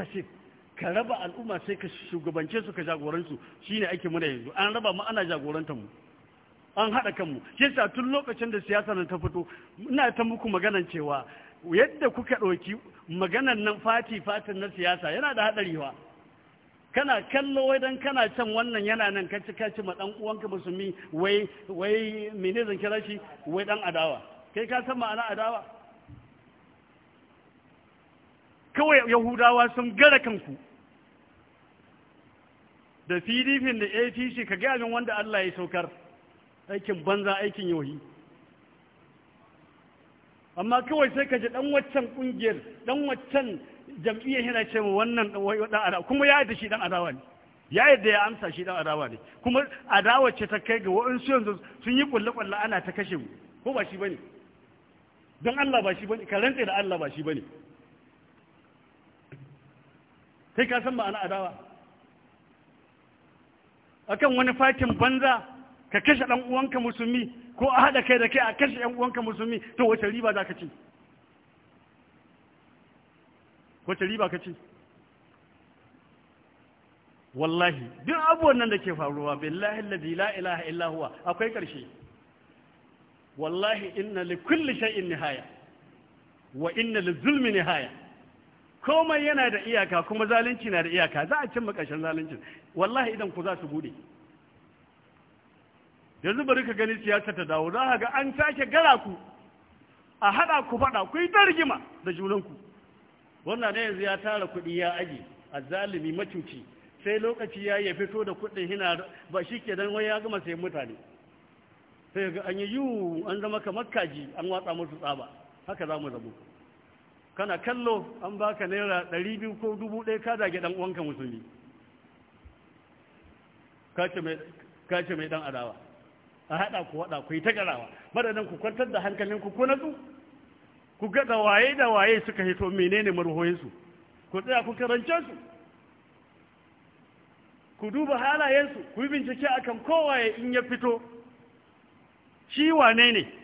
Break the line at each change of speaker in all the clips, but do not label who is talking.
tasif ka raba al'umma sai ka shugabance su ka jagoransu Shi ne ake muna yanzu an raba mu ana jagoranta mu an haɗa kanmu shi yasa tun lokacin da siyasa nan ta fito ina ta muku maganan cewa yadda kuka ɗauki maganan nan fati fatin na siyasa yana da haɗari wa kana kallo wai dan kana can wannan yana nan ka kaci ma dan uwanka musulmi wai wai mene zan kira shi wai dan adawa kai ka san ma'ana adawa kawai yahudawa sun gara kanku da pdp da apc ka gaya min wanda allah ya saukar aikin banza aikin yohi amma kawai sai ka ji dan waccan kungiyar dan waccan jam'iyyar yana ce mu wannan dan adawa kuma ya yadda shi dan adawa ne ya yadda ya amsa shi dan adawa ne kuma adawa ce ta kai ga wa'ansu yanzu sun yi kulle kulle ana ta kashe mu ko ba shi bane don Allah ba shi bane ka rantse da Allah ba shi bane kai ka san ma'ana adawa a kan wani fatin banza ka kashe dan uwanka musulmi ko a haɗa kai da kai a kashe yan uwanka musulmi to wace riba za ka ci wace riba ka ci wallahi duk abubuwan nan da ke faruwa billahi alladhi la ilaha illa huwa akwai ƙarshe. wallahi inna li kulli shay'in nihaya wa inna li zulmi nihaya komai yana da iyaka kuma zalunci na da iyaka za a cimma ƙarshen zalunci wallahi idan ku za su bude yanzu bari ka gani siyasa ta dawo za ga an sake gara ku a haɗa ku faɗa ku yi da junanku wannan ne yanzu ya tara kuɗi ya aji a zalimi macuci sai lokaci ya ya fito da kuɗin hina ba shi ke dan ya gama sai mutane sai ga an yi yiwu an zama kamar kaji an watsa musu tsaba haka za mu zamo kana kallo an baka naira ɗari biyu ko dubu ɗaya ka zage ɗan uwanka musulmi ka ce mai ɗan adawa a haɗa ku waɗa ku yi ta garawa madadin ku kwantar da hankalinku ku natsu ku ga da waye da waye suka hito menene marhoyinsu ku tsaya ku karance su ku duba halayensu ku yi bincike akan kowaye in ya fito shi wane ne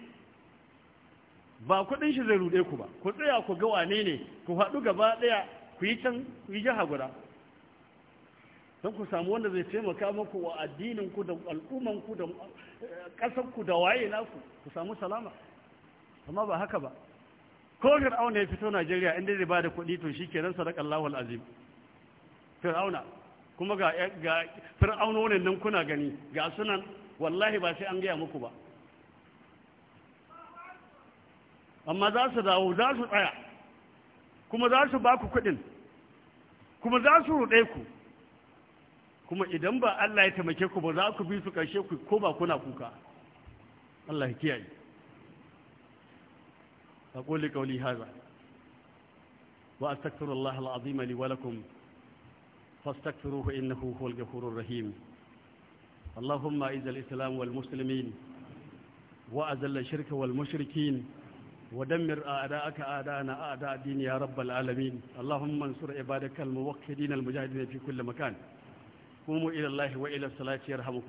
ba kuɗin shi zai ruɗe ku ba ku tsaya ku ga wane ne ku haɗu gaba ɗaya ku yi can ku yi jiha guda don ku samu wanda zai taimaka muku wa addinin ku da al'umman ku da eh, ƙasar ku da waye na ku samu salama amma ba haka ba ko fir'auna ya fito Najeriya inda zai ba da kuɗi to shi shikenan sadaqallahu alazim fir'auna kuma ga eh, ga fir'aunonin nan kuna gani ga sunan wallahi ba sai an gaya muku ba amma za su dawo za su tsaya kuma za su ba ku kuɗin kuma za su ruɗe ku kuma idan ba Allah ya taimake ku ba za ku bi su ƙarshe ku ko ba kuna kuka Allah ya kiyaye أقول قولي هذا وأستغفر الله العظيم لي ولكم فاستغفروه إنه هو الغفور الرحيم اللهم أعز الإسلام والمسلمين وأذل الشرك والمشركين ودمر أعداءك أعداءنا أعداء الدين يا رب العالمين اللهم انصر عبادك الموحدين المجاهدين في كل مكان قوموا إلى الله وإلى الصلاة يرحمكم